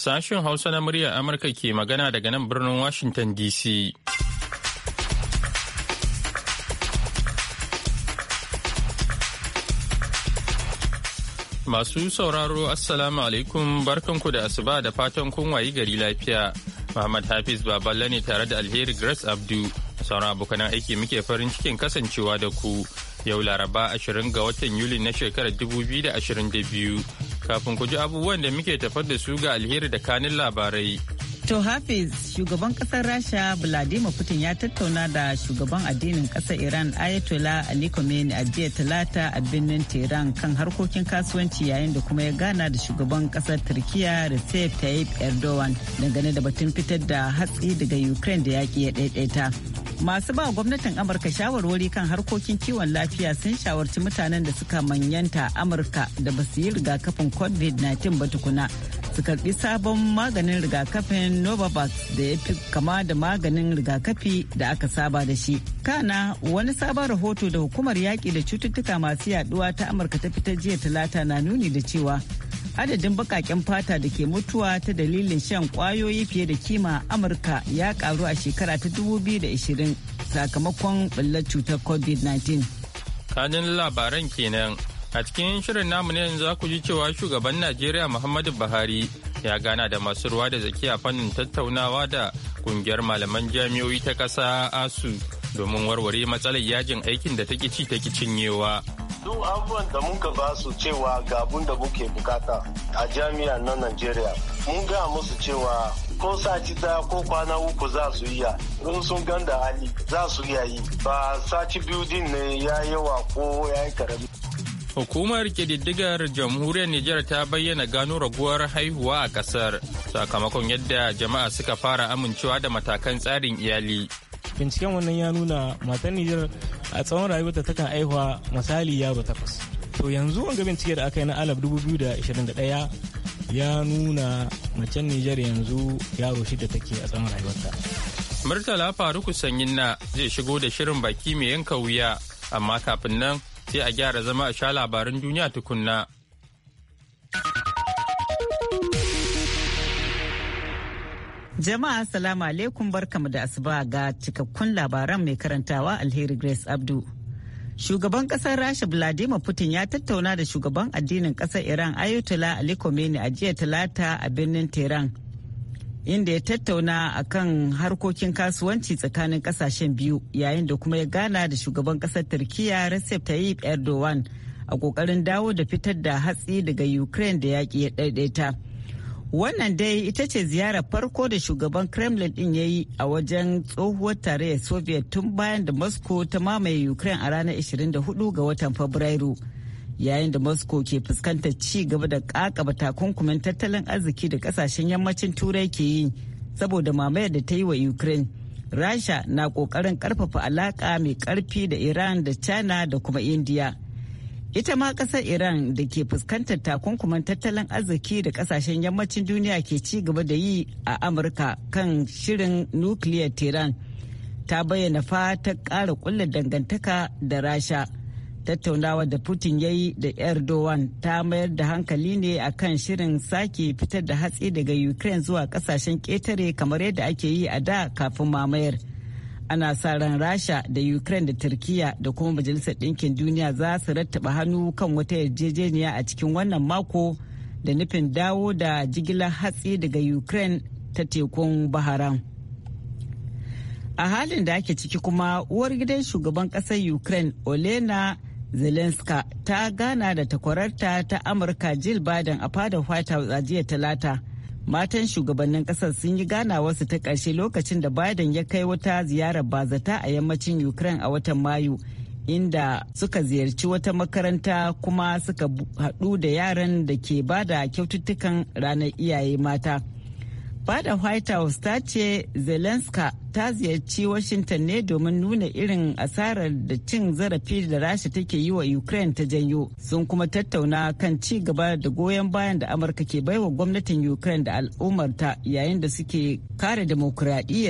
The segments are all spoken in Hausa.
Sashen Hausa na muryar Amurka ke magana daga nan birnin Washington DC. Masu sauraro Assalamu alaikum barkanku da asuba da fatan kun wayi gari lafiya. Muhammad Hafiz Baballe ne tare da Alheri Grace Abdu. Sauran abokan aiki muke farin cikin kasancewa da ku. Yau Laraba 20 ga watan Yuli na shekarar 2022. kafin ku ji abubuwan da muke tafar da su ga alheri da kanin labarai. To Hafiz, shugaban kasar Rasha Vladimir Putin ya tattauna da shugaban addinin kasar Iran Ayatollah Ali khamenei a jiya talata a birnin Tehran kan harkokin kasuwanci yayin da kuma ya gana da shugaban kasar Turkiya Recep Tayyip Erdogan dangane da batun fitar da hatsi daga Ukraine da yaƙi ya ɗaiɗaita. masu ba gwamnatin amurka shawarwari kan harkokin kiwon lafiya sun shawarci mutanen da suka manyanta amurka da ba su yi rigakafin covid-19 ba tukuna su karbi sabon maganin rigakafin novavax da ya fi kama da maganin rigakafi da aka saba da shi kana wani sabon rahoto da hukumar yaƙi da cututtuka masu yaduwa ta amurka ta fitar jiya talata na nuni da cewa adadin bakaken fata da ke mutuwa ta dalilin shan kwayoyi fiye da kima amurka ya karu a shekara ta 2020 sakamakon ɓullar cutar covid-19 kanin labaran kenan a cikin shirin namu ne za ku ji cewa shugaban najeriya muhammadu buhari ya gana da masu ruwa da zaki a fannin tattaunawa da kungiyar malaman jami'o'i ta ƙasa asu domin warware matsalar yajin aikin da take ci ta take cinyewa duk abubuwan da muka ba su cewa ga abun da muke bukata a jami'a na Najeriya. Mun ga musu cewa ko sati daya ko kwana uku za su iya in sun ganda hali za su iya yi ba sati biyu din ne ya yawa ko ya yi karami. Hukumar ƙididdigar jamhuriyar Nijar ta bayyana gano raguwar haihuwa a ƙasar sakamakon yadda jama'a suka fara amincewa da matakan tsarin iyali. Binciken wannan ya nuna matan Nijar a tsawon rayuwarta takan aihuwa misali yaro takwas to yanzu wanga bincike da aka yi na alaf 2021 ya nuna macen nijar yanzu yaro shida take a tsawon rayuwarta murtala faruku sanyin na zai shigo da shirin baki mai yanka wuya amma kafin nan sai a gyara zama a sha labarin duniya tukunna Jama'a salama alaikum barkamu da asuba ga cikakkun labaran mai karantawa alheri Grace Abdu. Shugaban kasar Rasha Vladimir Putin ya tattauna da shugaban addinin kasar Iran Ayatollah Ali Khomeini a jiya talata a birnin Tehran. Inda ya tattauna a kan harkokin kasuwanci tsakanin kasashen biyu yayin da kuma ya gana da shugaban kasar Turkiya Recep Tayyip Erdogan a kokarin dawo da fitar da hatsi daga Ukraine da yaƙi ya ɗaiɗaita. Wannan dai ita ce ziyarar farko da shugaban Kremlin din ya yi a wajen tsohuwar tarayyar Soviet tun bayan da Moscow ta mamaye Ukraine a ranar 24 ga watan Fabrairu. Yayin da Moscow ke fuskantar ci gaba da kakaba takunkumin tattalin arziki da kasashen yammacin Turai ke yi saboda mamayar da ta yi wa Ukraine. Rasha na kokarin karfafa alaka mai karfi da Iran da China da kuma India. Ita ma ƙasar Iran da ke fuskantar takunkuman tattalin arziki da ƙasashen yammacin duniya ke ci gaba da yi a Amurka kan shirin nukiliyar Tehran ta bayyana fata kara ƙulla dangantaka da Rasha. Tattaunawa da Putin ya yi da Erdogan ta mayar da hankali ne a kan shirin sake fitar da hatsi daga Ukraine zuwa ƙasashen ƙetare kamar yadda ake yi a da kafin mamayar. ana sa ran rasha da ukraine da turkiya da kuma majalisar ɗinkin duniya za su rattaba hannu kan wata yarjejeniya a cikin wannan mako da nufin dawo da jigilar hatsi daga ukraine ta tekun baharan a halin da ake ciki kuma uwar gidan shugaban ƙasar ukraine olena zelenska ta gana da takwararta ta amurka jill biden a fadar white house a jiya talata matan shugabannin kasar sun yi ganawar su ta ƙarshe lokacin da biden ya kai wata ziyarar bazata a yammacin ukraine a watan mayu inda suka ziyarci wata makaranta kuma suka haɗu da yaran da ke bada kyaututtukan ranar iyaye mata. fada white house ta ce zelenska ta ziyarci washington ne domin nuna irin asarar da cin zarafi da rasha take yi wa ukraine ta janyo sun kuma tattauna kan ci gaba da goyon bayan da amurka ke baiwa gwamnatin ukraine da al'ummarta yayin da suke kare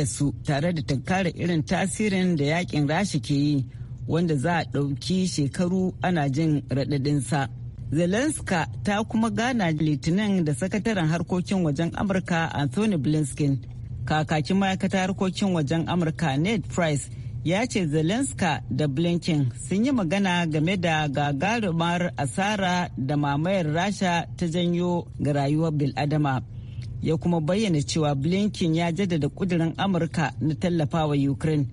su tare da tankara irin tasirin da yakin rasha ke yi wanda za a ɗauki shekaru ana jin raɗaɗinsa. Zelenska ta kuma gana litinin da sakataren harkokin wajen Amurka Anthony Blinken. Kakakin ma'aikata harkokin wajen Amurka Ned Price ya ce Zelenska da Blinken sun yi magana game da gagarumar asara da mamayar Rasha ta janyo ga rayuwar Biladama. Ya kuma bayyana cewa Blinken ya jaddada kudurin Amurka na tallafawa Ukraine.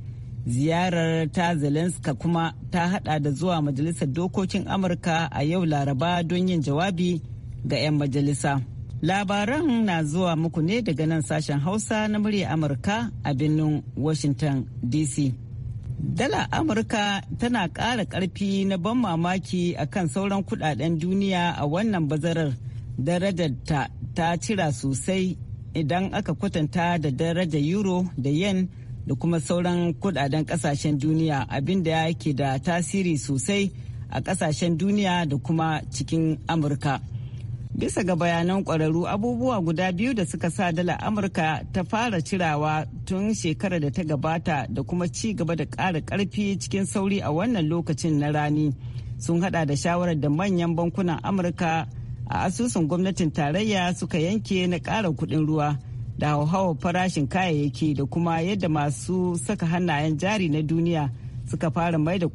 ziyarar ta zelenska kuma ta hada da zuwa majalisar dokokin amurka a yau laraba don yin jawabi ga 'yan majalisa labaran na zuwa muku ne daga nan sashen hausa na murya amurka a birnin washington dc dala amurka tana ƙara ƙarfi na ban mamaki a kan sauran kudaden duniya a wannan bazarar darajar ta cira sosai idan aka kwatanta da darajar euro da yen da kuma sauran kudaden kasashen duniya abinda ya ke da tasiri sosai a kasashen duniya da kuma cikin amurka bisa ga bayanan kwararru abubuwa guda biyu da suka sa dala amurka ta fara cirawa tun shekarar da ta gabata da kuma ci gaba da ƙara ƙarfi cikin sauri a wannan lokacin na rani sun hada da shawarar da manyan bankunan amurka a asusun gwamnatin tarayya suka yanke na ƙara kuɗin ruwa da hauhawar farashin kayayyaki da kuma yadda masu saka hannayen jari na duniya suka fara mai da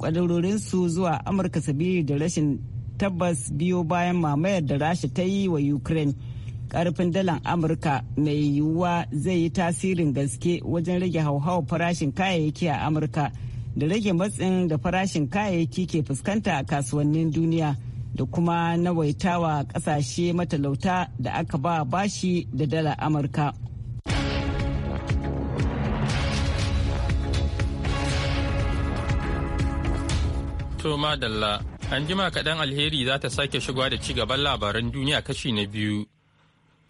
su zuwa amurka sabili da rashin tabbas biyo bayan mamayar da rasha ta yi wa ukraine karfin dalan amurka mai yiwuwa zai yi tasirin gaske wajen rage hauhawar farashin kayayyaki a amurka da rage matsin da farashin kayayyaki ke fuskanta a kasuwannin duniya da kuma nawaitawa kasashe matalauta da aka ba bashi da dalar amurka To madalla, an jima kaɗan alheri za ta sake shigowa da ci labaran duniya kashi na biyu.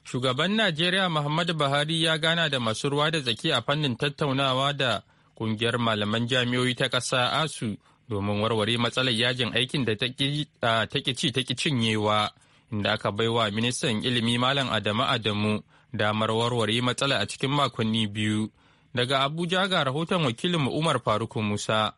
Shugaban Najeriya Muhammadu Buhari ya gana da masu ruwa da tsaki a fannin tattaunawa da ƙungiyar malaman jami'oyi ta ƙasa ASU domin warware matsalar yajin aikin da take ci take cinyewa, inda aka baiwa ministan ilimi Malam Adamu Adamu damar warware matsala a cikin makonni biyu. Daga Abuja ga rahoton wakilin Umar Faruk Musa.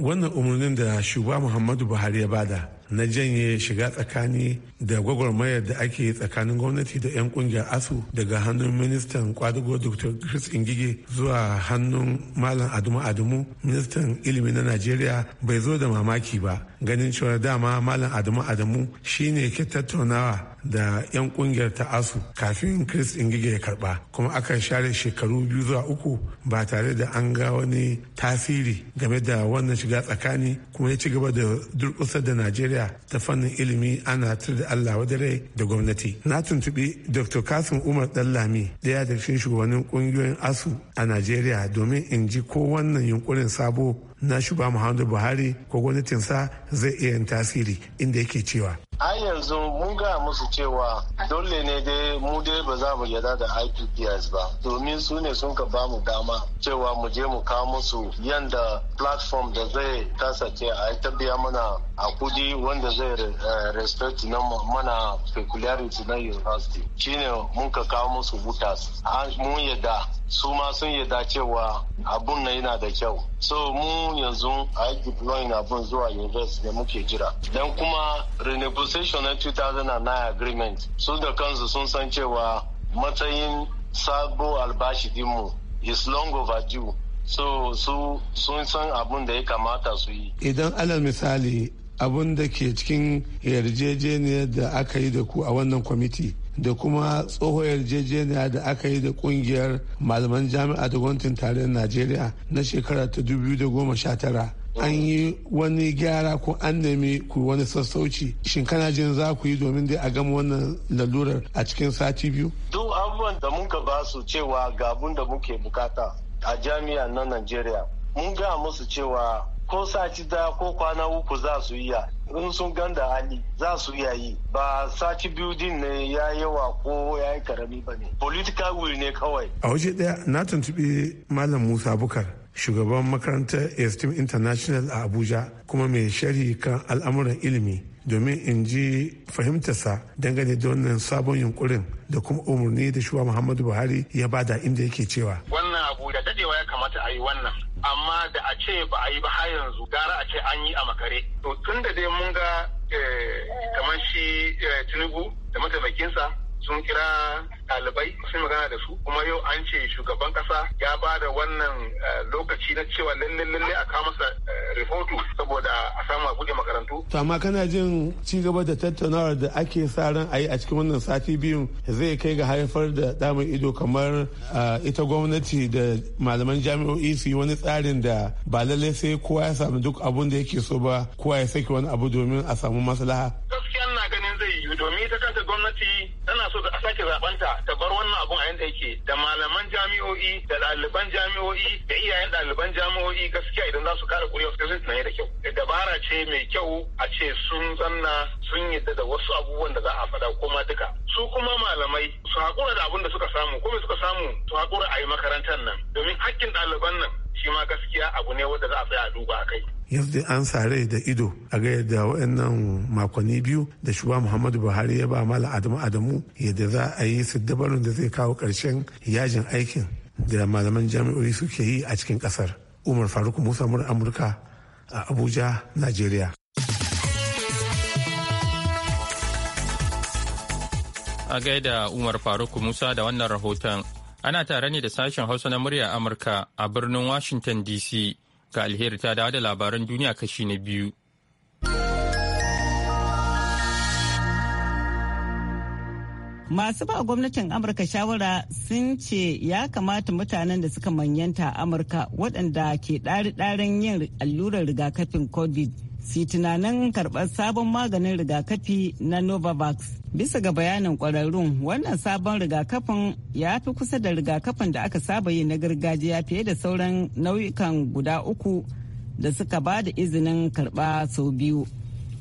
wannan umarnin da shugaba muhammadu buhari ya bada na janye shiga tsakani da gwagwarmayar da ake tsakanin gwamnati da 'yan kungiyar asu daga hannun ministan kwadugo dr chris ingige zuwa hannun malam adamu adamu ministan ilimi na nigeria bai zo da mamaki ba ganin cewa dama malam adamu adamu shine ke tattaunawa da 'yan kungiyar ta asu kafin chris ingige ya karba kuma aka share shekaru biyu zuwa uku ba tare da an ga wani tasiri game da wannan shiga tsakani kuma ya ci gaba da durkusa da najeriya ta fannin ilimi ana tur da allah wadare da gwamnati na tuntubi dr kasim umar dallami daya da cikin shugabannin kungiyoyin asu a najeriya domin in ji ko wannan yunkurin sabo na shugaba muhammadu buhari ko gwamnatinsa zai iya yin tasiri inda yake cewa har yanzu mun ga musu cewa dole ne dai mu dai ba za mu yada da IPPS ba domin su ne sun ka ba mu dama cewa mu je mu kawo musu yanda platform da zai kasance a ta biya mana a kudi wanda zai eh, respect na mana peculiarity na university shine mun ka kawo musu butas mun yada su ma sun yada cewa abun na yana da kyau so mu yanzu a yi deploying abun zuwa university da muke jira dan kuma renewable concession na 2009 agreement su da kansu sun san cewa matsayin sabo albashi dinmu is long overdue so su sun san abun da ya kamata su yi idan alal misali abun da ke cikin yarjejeniyar da aka yi da ku a wannan kwamiti da kuma tsohon yarjejeniya da aka yi da kungiyar malaman jami'a da gwamnatin tarayyar najeriya na shekara ta 2019 an yi wani gyara ko an nemi ku wani sassauci shin kana jin za ku yi domin dai a gama wannan lalurar a cikin sati biyu duk abubuwan da muka ba su cewa gabun da muke bukata a jami'a na najeriya mun ga musu cewa ko sati da ko kwana uku za su iya in sun ganda hali za su iya yi ba sati biyu din ne ya yawa ko ya yi karami ba ne political will ne kawai a waje daya na tuntuɓi malam musa bukar shugaban makarantar esteem international a abuja kuma mai sharhi kan al'amuran ilimi domin in ji fahimtarsa dangane da wannan sabon yunkurin da kuma umarni da shuwa muhammadu buhari ya bada inda yake cewa wannan abu da dadewa ya kamata a yi wannan amma da a ce ba a yi ba har yanzu gara a ce an yi a makare to tun da dai mun ga eh, kamar shi eh, tinubu da mataimakinsa sun kira ɗalibai sun magana da su kuma yau an ce shugaban kasa ya ba da wannan eh, lokaci na cewa lalle lalle a kawo masa eh, rahoto saboda a samu a buɗe makarantu. to amma kana jin ci gaba da tattaunawar da ake sa ran a yi a cikin wannan sati biyun zai kai ga haifar da damar ido kamar eh, ita gwamnati da malaman jami'o'i su yi wani tsarin da ba lallai sai kowa ya samu duk abun da yake so ba kowa ya saki wani abu domin a samu maslaha gwamnati tana so ta sake zabanta ta bar wannan abun a yanda yake da malaman jami'o'i da ɗaliban jami'o'i da iyayen ɗaliban jami'o'i gaskiya idan za su kara kuriya su sun tunani da kyau dabara ce mai kyau a ce sun zanna sun yadda da wasu abubuwan da za a faɗa kuma duka su kuma malamai su haƙura da abun da suka samu kuma suka samu su haƙura a yi makarantar nan domin hakkin ɗaliban nan shi ma gaskiya abu ne wanda za a tsaya a duba a kai yanzu an sare da ido a ga yadda waɗannan makonni biyu da shugaba muhammadu buhari ya ba mala adamu adamu yadda za a yi su dabarun da zai kawo ƙarshen yajin aikin da malaman jami'o'i suke yi a cikin ƙasar umar faruk musa mur amurka a abuja nigeria. a gaida umar faruk musa da wannan rahoton ana tare ne da sashen hausa na murya amurka a birnin washington dc Ga alheri ta dawo da labaran duniya kashi na biyu. Masu ba gwamnatin Amurka shawara sun ce ya kamata mutanen da suka manyanta a Amurka waɗanda ke ɗari-ɗarin yin allurar rigakafin COVID su tunanin karɓar sabon maganin rigakafi na novavax bisa ga bayanin kwararrun wannan sabon rigakafin ya fi kusa da rigakafin da aka saba yi na gargajiya fiye da sauran nau'ikan guda uku da suka ba da izinin karɓa sau biyu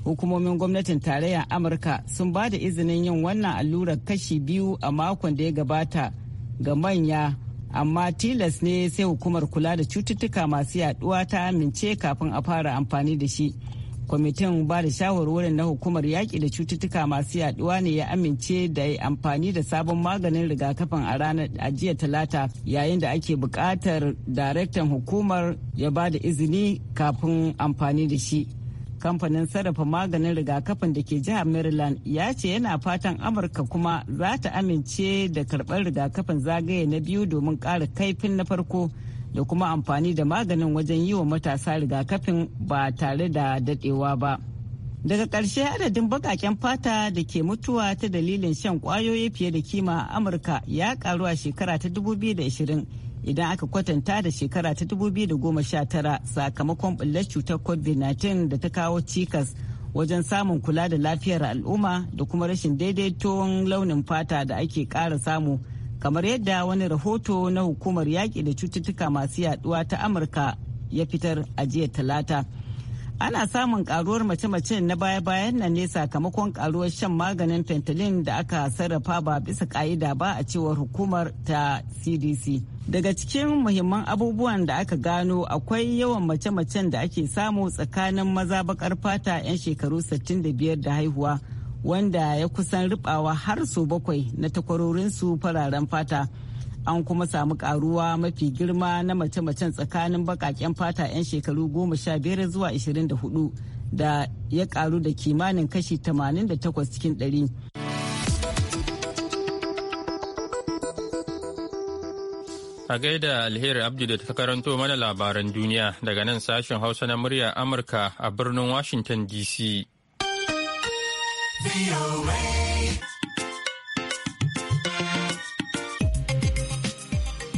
hukumomin gwamnatin tarayyar amurka sun ba da izinin yin wannan allurar kashi biyu a makon da ya gabata ga manya amma tilas ne sai hukumar kula da cututtuka masu yaduwa ta amince kafin a fara amfani da shi kwamitin ba da shawarwarin na hukumar yaƙi da cututtuka masu yaduwa ne ya amince da ya amfani da sabon maganin rigakafin a ranar ajiya talata yayin da ake buƙatar daraktan hukumar ya ba da izini kafin amfani da shi kamfanin sarrafa maganin rigakafin da ke jihar maryland ya ce yana fatan amurka kuma za ta amince da karɓar rigakafin zagaye na biyu domin ƙara kaifin na farko da kuma amfani da maganin wajen yi wa matasa rigakafin ba tare da daɗewa ba daga ƙarshe adadin baƙaƙen fata da ke mutuwa ta dalilin shan kwayoyi fiye da kima a amurka ya ƙaru a shekara ta 2020 idan aka kwatanta da shekara ta 2019 sakamakon bullar cutar covid-19 da ta kawo cikas wajen samun kula da lafiyar al'umma da kuma rashin daidaito launin fata da ake ƙara samu kamar yadda wani rahoto na hukumar yaƙi da cututtuka masu yaduwa ta amurka ya fitar a jiya talata ana samun karuwar mace-macen na baya-bayan nan ne sakamakon karuwar shan maganin fentanyl da aka sarrafa ba bisa ka'ida ba a cewar hukumar ta cdc Daga cikin muhimman abubuwan da aka gano akwai yawan mace-macen da ake samu tsakanin maza bakar fata 'yan shekaru 65 da haihuwa wanda ya kusan ribawa har sau bakwai na takwarorinsu fararen fata. An kuma samu karuwa mafi girma na mace-macen tsakanin bakaken fata 'yan shekaru 15 zuwa 24 da ya karu da kimanin kashi 88 cikin 100. A gaida Alheri Abdu da ta karanto mana labaran duniya daga nan sashen Hausa na murya Amurka a birnin Washington DC.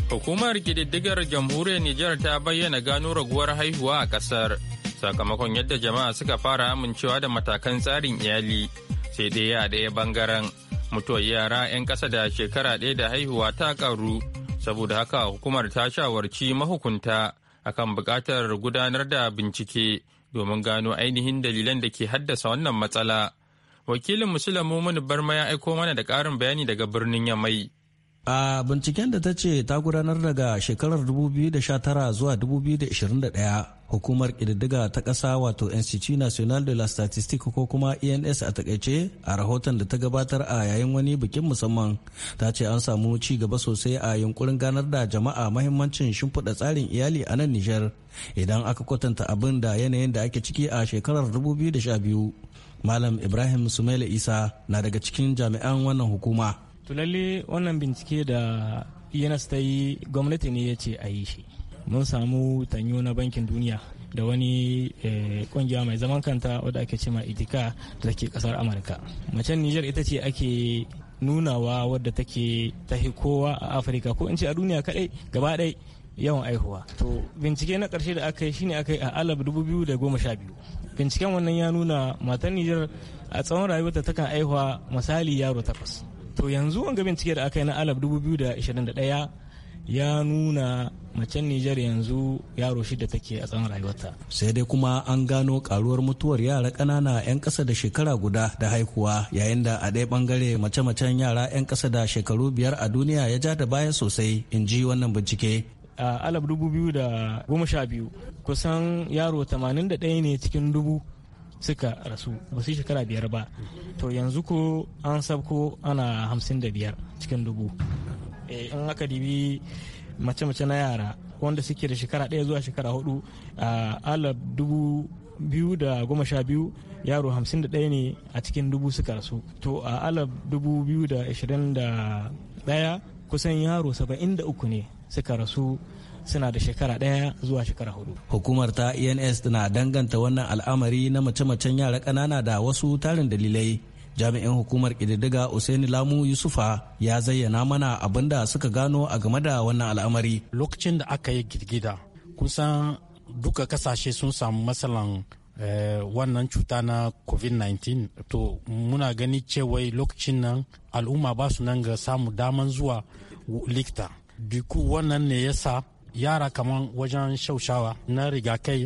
Hukumar ƙididdigar jamhuriyar Nijar ta bayyana gano raguwar haihuwa a ƙasar sakamakon yadda jama'a suka fara amincewa da matakan tsarin iyali sai dai a ɗaya bangaren mutuwar yara 'yan ƙasa da shekara ɗaya da haihuwa ta ƙaru saboda haka hukumar ta shawarci mahukunta akan bukatar gudanar da bincike domin gano ainihin dalilan da ke haddasa wannan matsala wakilin musulamu mini barma ya aiko mana da ƙarin bayani daga birnin yamai a binciken da ta ce ta gudanar daga shekarar 2019 zuwa 2021 hukumar kididdiga ta ƙasa wato institut national de la statistique ko kuma ens a takaice a rahoton da ta gabatar a yayin wani bikin musamman ta ce an samu ci gaba sosai a yunkurin ganar da jama'a mahimmancin shimfiɗa tsarin iyali a nan nijar idan aka kwatanta abin da yanayin da ake ciki a shekarar 2012 malam ibrahim sumaila isa na daga cikin jami'an wannan hukuma tulalle wannan bincike da ens ta yi gwamnati ne ya ce a yi shi mun samu tanyo na bankin duniya da wani eh, kungiya mai zaman kanta wadda ake cema itika da ke kasar amurka macen niger ita ce ake nunawa wadda take tahi kowa a afirka ko in ce a duniya kadai gaba ɗaya yawan aihuwa to bincike na karshe da aka yi shine aka yi a alab 2012 binciken wannan ya nuna matar nijar a tsawon rayuwarta takan aihuwa misali yaro takwas to yanzu wanga bincike da aka yi na alab 2021 ya nuna macen Nijar yanzu yaro shida take a tsawon rayuwarta. Sai dai kuma an gano karuwar mutuwar yara ƙanana 'yan ƙasa da shekara guda da haihuwa yayin da a ɗaya bangare mace-macen yara 'yan ƙasa da shekaru biyar a duniya ya ja da baya sosai in ji wannan bincike. A alaf dubu biyu da goma sha biyu kusan yaro tamanin da ɗaya ne cikin dubu suka rasu ba su shekara biyar ba to yanzu ko an sabko ana hamsin da biyar cikin dubu eh, in aka dibi mace-mace na yara wanda suke da shekara ɗaya zuwa shekara hudu a alar dubu biyu da goma sha biyu yaro hamsin da ɗaya ne a cikin dubu suka rasu to a alar dubu biyu da ashirin da ɗaya kusan yaro saba'in da uku ne suka rasu suna da shekara ɗaya zuwa shekara hudu. Hukumar ta ENS na danganta wannan al'amari na mace-macen yara ƙanana da wasu tarin dalilai jami'in hukumar ƙididdiga usaini lamu yusufa ya zayyana mana abin da suka gano a game da wannan al'amari lokacin da aka yi girgida kusan duka kasashe sun samu matsalan eh, wannan cuta na covid-19 to muna gani cewa lokacin nan al'umma ba su nan ga samu daman zuwa likita duku wannan ne yasa yara kamar wajen shaushawa na rigakai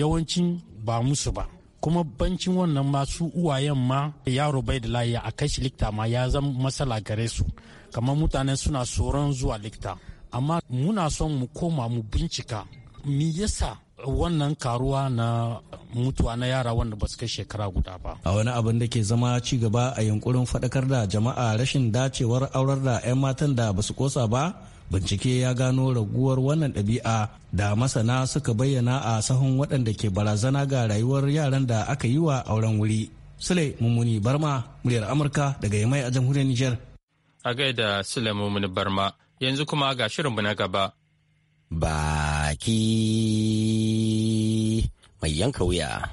yawancin ba musu ba kuma bancin wannan masu uwayen ma yaro bai da layi a kai shi likta ma ya zama matsala gare su kamar mutane suna tsoron zuwa likta amma muna son mu koma mu bincika me yasa wannan karuwa na mutuwa na yara wanda ba su kai shekara guda ba. A wani abin da ke zama ci gaba a yunkurin faɗakar da jama'a rashin dacewar aurar da 'yan matan da ba su kosa ba, bincike ya gano raguwar wannan ɗabi'a da masana suka bayyana a sahun waɗanda ke barazana ga rayuwar yaran da aka yi wa auren wuri sule mummuni barma muryar amurka daga yamai a jamhuriyar niger a gaida sule mummuni barma yanzu kuma ga shirin shirinmu na gaba baki mai yanka wuya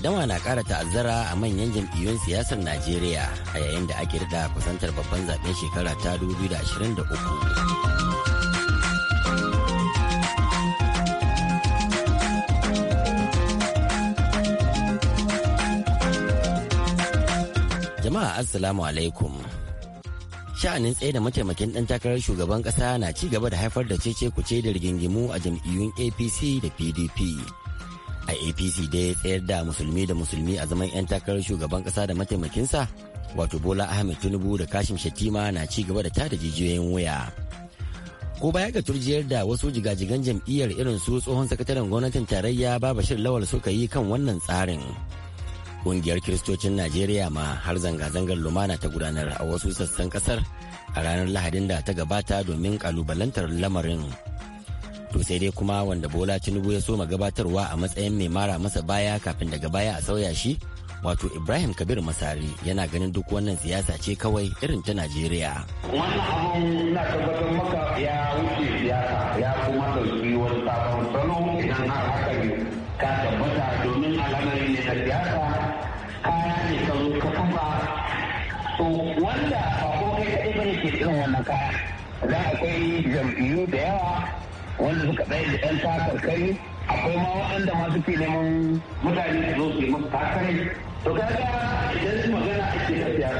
Adama na ƙara ta'azzara a manyan jam'iyyun siyasar najeriya a yayin da ake rida kusantar babban zaben shekara ta 2023 jama'a assalamu alaikum sha'anin tsaye da mataimakin ɗan takarar shugaban ƙasa na ci gaba da haifar da cece kuce da rigingimu a jam'iyyun apc da pdp a apc da ya tsayar da musulmi da musulmi a zaman 'yan takarar shugaban kasa da mataimakinsa wato bola ahmed tinubu da kashim shatima na ci gaba da tada jijiyoyin wuya ko baya ga turjiyar da wasu jigajigan jam'iyyar irin su tsohon sakataren gwamnatin tarayya babashir lawal suka yi kan wannan tsarin kungiyar kiristocin najeriya ma har zanga-zangar lumana ta gudanar a wasu sassan kasar a ranar lahadin da ta gabata domin kalubalantar lamarin to sai dai kuma wanda bola tinubu ya soma gabatarwa a matsayin mai mara masa baya kafin daga baya a sauya shi wato ibrahim kabir masari yana ganin duk wannan siyasa ce kawai irin ta najeriya wannan abin na tabbatar maka ya wuce siyasa ya kuma dauki wani sabon salo idan har haka ne ka tabbata domin al'amari ne na siyasa kaya ne ka zo ka kafa to wanda ba ko kai kaɗai bane ke irin wannan kaya za akwai jam'iyyu da yawa wanda suka ɗaya da 'yan kai akwai ma waɗanda ma suke neman mutane su zo su yi masu takarai to kaga idan su magana ake ta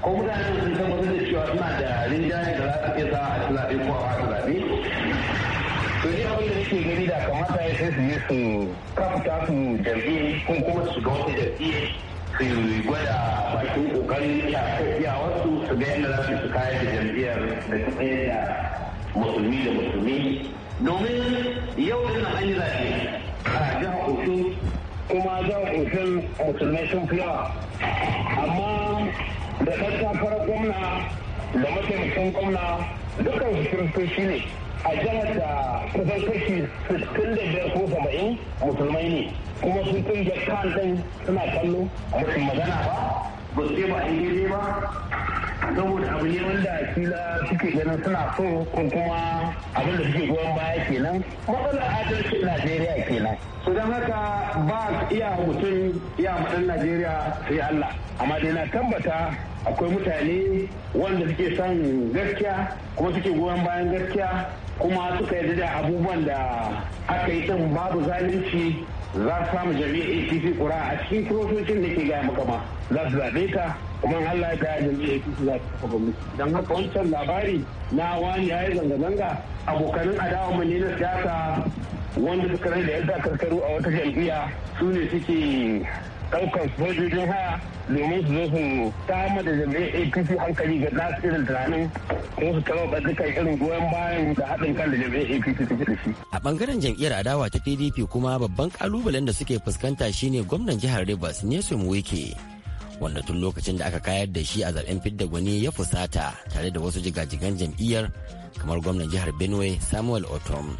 ko mutane sun tabbatar da cewa suna da rinjaye da za su iya sa a tulaɓe ko a zaɓe to ni abin da nake gani da kamata ya sai su yi su kafuta su jarge ko kuma su ga wata jarge su gwada bakin kokarin iyawarsu su ga yadda za su su kayar da jam'iyyar da da musulmi domin yau ina an yi zaɓe a jihar hoto kuma jihar Osun musulmai sun fi yawa amma da ɗan fara gwamna da mataimakin gwamna dukkan su kiristoci ne a jihar da kusan kashi 65 ko 70 musulmai ne kuma sun kunge kan ɗin suna kallo a magana ba ba su ba a daidai ba saboda abu ne wanda kila suke ganin suna so ko kuma abin da suke goyon baya kenan matsalar adalcin najeriya kenan su don haka ba iya mutum iya madan najeriya sai allah amma dai na tabbata akwai mutane wanda suke son gaskiya kuma suke goyon bayan gaskiya kuma suka yarda da abubuwan da aka yi din babu zalunci za su samu jami'a APC kura a cikin kurosocin da ke gaya maka za su zaɓe ta kuma Allah ya gaya jami'a APC za su kafa gwamnati don haka wancan labari na wani ya yi zanga-zanga abokanin adawa mu ne na siyasa wanda suka rai da yadda karkaru a wata jam'iyya su ne suke ɗaukar sojojin haya domin su zo su samar da jami'an apc hankali ga nasu tunanin ko su dukkan irin goyon bayan da haɗin kan da jami'ai apc suke da shi. a ɓangaren jam'iyyar adawa ta pdp kuma babban ƙalubalen da suke fuskanta shine gwamnan jihar rivers nelson wike wanda tun lokacin da aka kayar da shi a zaben fidda gwani ya fusata tare da wasu jigajigan jam'iyyar kamar gwamnan jihar benue samuel otom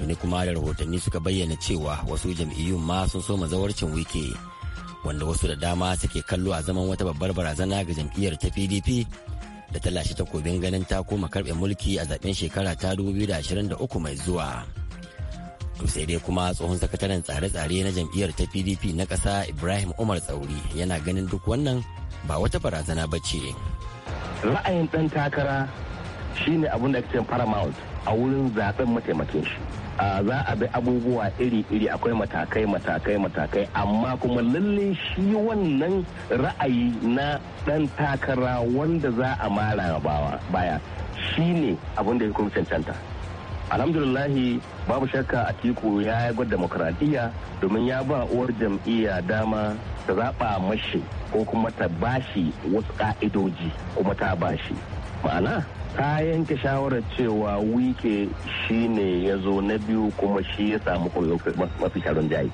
tuni kuma da rahotanni suka bayyana cewa wasu jam'iyyun ma sun so mazawarcin wike wanda wasu da dama suke kallo a zaman wata babbar barazana ga jam'iyyar ta pdp da ta lashe takobin ganin ta koma karbe mulki a zaben shekara ta 2023 mai zuwa to sai dai kuma tsohon sakataren tsare-tsare na jam'iyyar ta pdp na ƙasa ibrahim umar tsauri yana ganin duk wannan ba wata barazana ba ce ra'ayin ɗan takara shine abin da ake paramount a wurin zaben mataimakin shi za a bi abubuwa iri-iri akwai matakai matakai matakai amma kuma lallai shi wannan ra'ayi na dan takara wanda za a mara bawa baya shine abin da ya kuma cancanta alhamdulillahi babu shakka a tiku ya yago demokradiyya domin ya ba uwar jam'iyya dama ta zaɓa mashi ko kuma ta bashi wasu ka'idoji kuma ta bashi ma'ana ta yanke shawarar cewa wike shi ne ya zo na biyu kuma shi ya samu mafi sharon jayi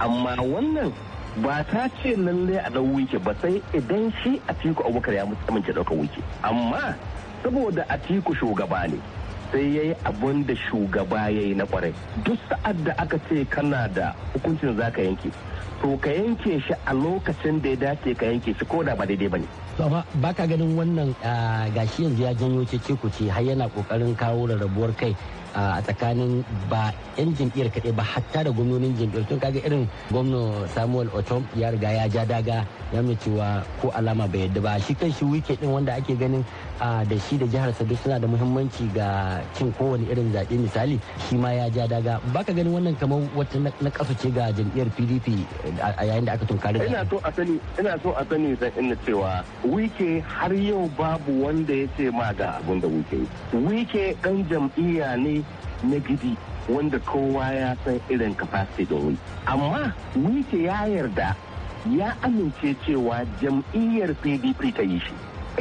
amma wannan ba ta ce lalle a ɗan wike ba sai idan shi a atiku abubakar ya amince ɗaukar wike amma saboda atiku shugaba ne sai ya yi abin da shugaba ya yi na kwarai duk sa'ad da aka ce kana da hukuncin za ka yanke to ka yanke shi a lokacin da ya dace ka yanke shi ko da ba daidai ba ne. amma ba ka ganin wannan ah, gashi yanzu ya janyo ce ku ce har yana kokarin kawo rarrabuwar kai a tsakanin ba 'yan jam'iyyar kaɗai ba hatta da gwamnonin jam'iyyar tun kaga irin gwamna samuel otom ya riga ya ja daga ya mai cewa ko alama bai yadda ba shi kan shi wike din wanda ake ganin da shi da jihar sadu suna da muhimmanci ga cin kowane irin zaɓe misali shi ma ya ja daga baka ganin wannan kamar wata na kasu ce ga jam'iyyar pdp a yayin da aka tunkari ina ina so a sani zan ina cewa wike har yau babu wanda ya ce ma ga abin da wike wike dan jam'iyya ne na gidi wanda kowa ya san irin capacity domin amma wike ya yarda ya amince cewa jam'iyyar pdp ta yi shi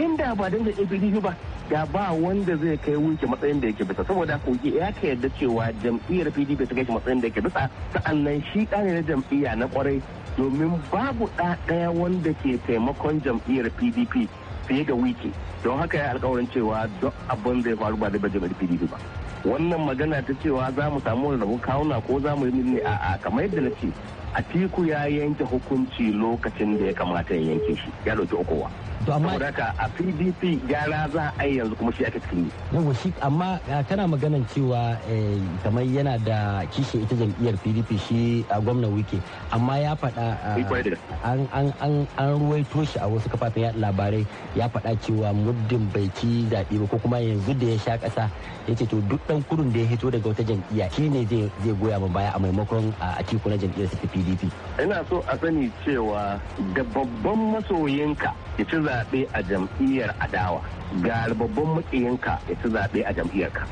inda ba dan da pdp ba da ba wanda zai kai wike matsayin da yake bisa saboda kogi ya ka yarda cewa jam'iyyar pdp ta kai matsayin da yake bisa sa'annan shi ɗane na jam'iyya na kwarai domin babu ɗa ɗaya wanda ke taimakon jam'iyyar pdp fiye da wiki don haka ya alkawarin cewa duk abin zai faru ba zai bar jam'iyyar pdp ba wannan magana ta cewa za mu samu rarrabu kawuna ko za mu yi ne a kamar yadda na ce atiku ya yanke hukunci lokacin da ya kamata ya yanke shi ya ɗauki okowa to amma saboda a PDP gara za a yi yanzu kuma shi ake cikin yawa shi amma eh, kana maganan cewa eh, kamar yana da kishin ita jam'iyyar PDP shi a gwamnan wike amma ya faɗa eh, an ruwaito shi a wasu kafafen yaɗa labarai ya faɗa cewa muddin bai ci zaɓe ba ko kuma yanzu da ya sha ƙasa ya ce to duk ɗan kurun da ya hito daga wata jam'iyya shi ne zai goya ma baya a maimakon a tiku na jam'iyyar PDP. Ina so a sani cewa da babban masoyinka ya ci zaɓe zaɓe a jam'iyyar adawa ga babban maƙiyinka ya ci zaɓe a jam'iyyarka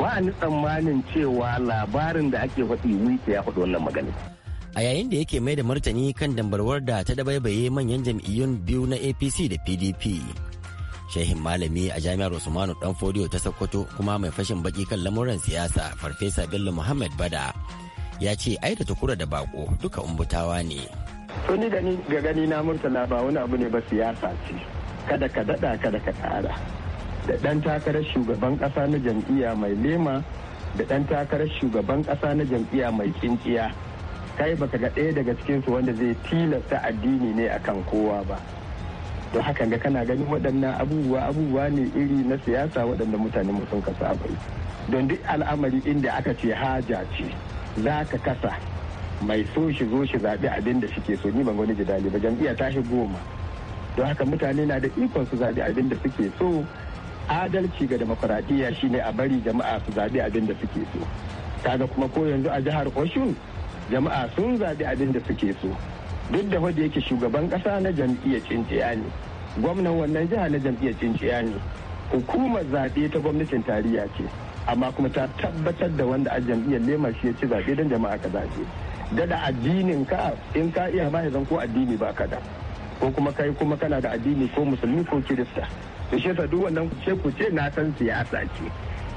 ba ni tsammanin cewa labarin da ake faɗi wike ya faɗi wannan magana a yayin da yake mai da martani kan dambarwar da ta dabaibaye manyan jam'iyyun biyu na apc da pdp shehin malami a jami'ar usmanu dan fodiyo ta sokoto kuma mai fashin baki kan lamuran siyasa farfesa bello muhammad bada ya ce ai da tukura da bako duka umbutawa ne to ni gani ga gani na murtala ba wani abu ne ba siyasa ce kada ka daɗa kada ka ƙara da ɗan takarar shugaban ƙasa na jam'iyya mai lema da ɗan takarar shugaban ƙasa na jam'iyya mai kinciya kai baka ga ɗaya daga cikin su wanda zai tilasta addini ne akan kowa ba to hakan ga kana ganin waɗannan abubuwa abubuwa ne iri na siyasa waɗanda mutane mu sun kasa bai don duk al'amari inda aka ce haja ce za ka kasa mai so shi zo shi zaɓi abin da shike so ni ban wani jidali ba jam'iyya ta shi goma don haka mutane na da ikon su zaɓi abin da suke so adalci ga demokuraɗiyya shine a bari jama'a su zaɓi abin da suke so kaga kuma ko yanzu a jihar oshun jama'a sun zaɓi abin da suke so duk da wanda yake shugaban ƙasa na jam'iyyar cinciya ne gwamnan wannan jiha na jam'iyyar cinciya ne hukumar zaɓe ta gwamnatin tarayya ce amma kuma ta tabbatar da wanda a jam'iyyar lema shi ya ci zaɓe don jama'a ka zaɓe dada addinin ka in ka iya ba zan ko addini ba ka da ko kuma kai kuma kana da addini ko musulmi ko kirista to shi duk wannan ce ku ce na san siyasa ce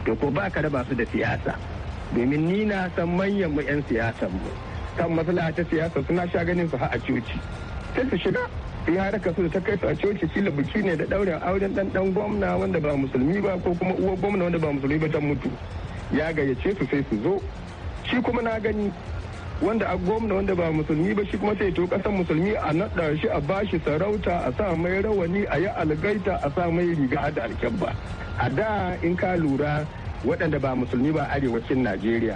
to ko ba ka ba su da siyasa domin ni na san manyan mu yan siyasan mu kan maslaha ta siyasa suna sha ganin su ha a coci sai su shiga in haraka su ta kai su a coci kila biki ne da ɗaurin auren dan dan gwamna wanda ba musulmi ba ko kuma uwar gwamna wanda ba musulmi ba ta mutu ya gayyace su sai su zo shi kuma na gani wanda a gwamna wanda ba musulmi ba shi kuma sai to kasan musulmi a naɗa shi a bashi sarauta a sa mai rawani a yi algaita a sa mai riga da alkyabba a da in ka lura waɗanda ba musulmi ba arewacin najeriya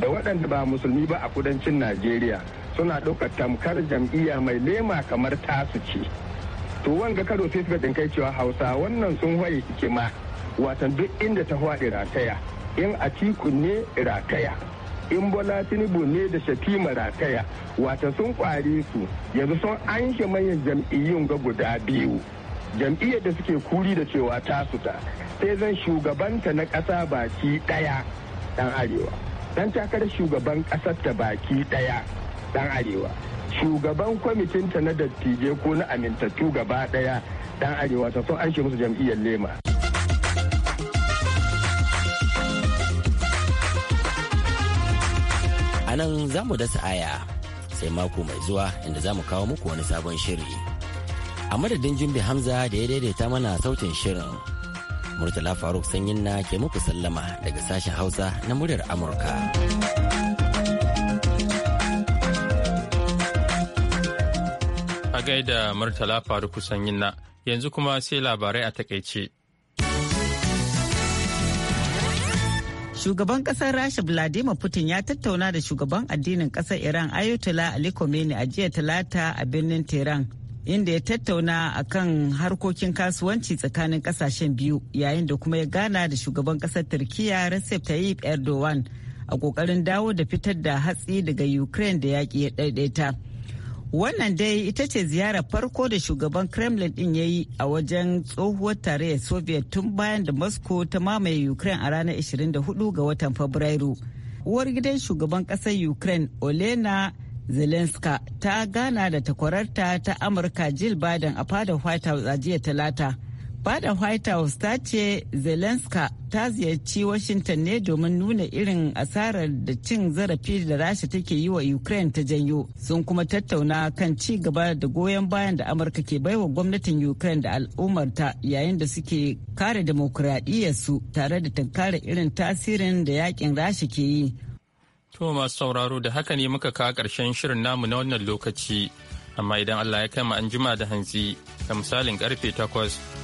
da waɗanda ba musulmi ba a kudancin najeriya suna ɗaukar tamkar jam'iyya mai lema kamar tasu ce to wanga karo sai suka kai cewa hausa wannan sun waye kima ma watan duk inda ta faɗi rataya in a tikun ne rataya in bola tinubu ne da shatima rataya wata sun kware su yanzu sun anshe manyan jam'iyyun ga guda biyu jam'iyyar da suke kuri da cewa ta suta sai zan shugabanta na ƙasa baki ɗaya ɗan arewa dan takarar shugaban ƙasar ta baki ɗaya ɗan arewa shugaban kwamitinta na dattijai ko na amintattu gaba ɗaya ɗan arewa ta sun shi musu jam'iyyar lema. a nan za mu dasa aya sai mako mai zuwa inda za mu kawo muku wani sabon shiri a madadin jimbi hamza da ya daidaita mana sautin shirin murtala faruk sanyin na ke muku sallama daga sashen hausa na muryar amurka a gaida murtala faruk sanyin na yanzu kuma sai labarai a takaice Shugaban kasar Rasha Vladimir Putin ya tattauna da shugaban addinin kasar Iran Ayatollah Ali Khomeini a jiya talata a birnin Tehran. inda ya tattauna akan harkokin kasuwanci tsakanin kasashen biyu yayin da kuma ya gana da shugaban kasar turkiya recep tayyip erdogan a kokarin dawo da fitar da hatsi daga ukraine da yaƙi ya ɗaiɗaita. Wannan dai ita ce ziyarar farko da shugaban Kremlin din ya yi a wajen tsohuwar tarayyar Soviet tun bayan da Moscow ta mamaye Ukraine a ranar 24 ga watan Fabrairu. Uwar gidan shugaban ƙasar Ukraine Olena Zelenska ta gana da takwararta ta Amurka Jill Biden a fadar White House a jiya talata. fada white house ta ce zelenska ta ziyarci washington ne domin nuna irin asarar da cin zarafi da rasha take yi wa ukraine ta janyo sun kuma tattauna kan ci gaba da goyon bayan da amurka ke baiwa gwamnatin ukraine da al'ummarta yayin da suke kare su tare da tunkara irin tasirin da yakin rasha ke yi to masu sauraro da haka ne muka kawo karshen shirin namu na wannan lokaci amma idan Allah ya kai an jima da hantsi da misalin karfe 8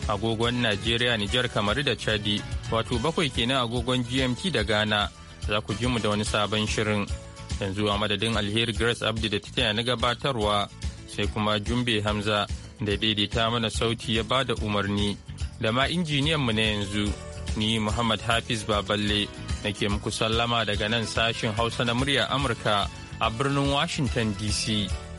agogon Najeriya Nijar kamar da Chadi wato bakwai kenan agogon GMT da Ghana za ku ji mu da wani sabon shirin yanzu a madadin alheri Grace Abdi da ta na gabatarwa sai kuma Jumbe Hamza da daidaita mana sauti ya bada umarni da ma injiniyan mu na yanzu ni Muhammad Hafiz Baballe nake muku sallama daga nan sashin Hausa na murya Amurka a birnin Washington DC.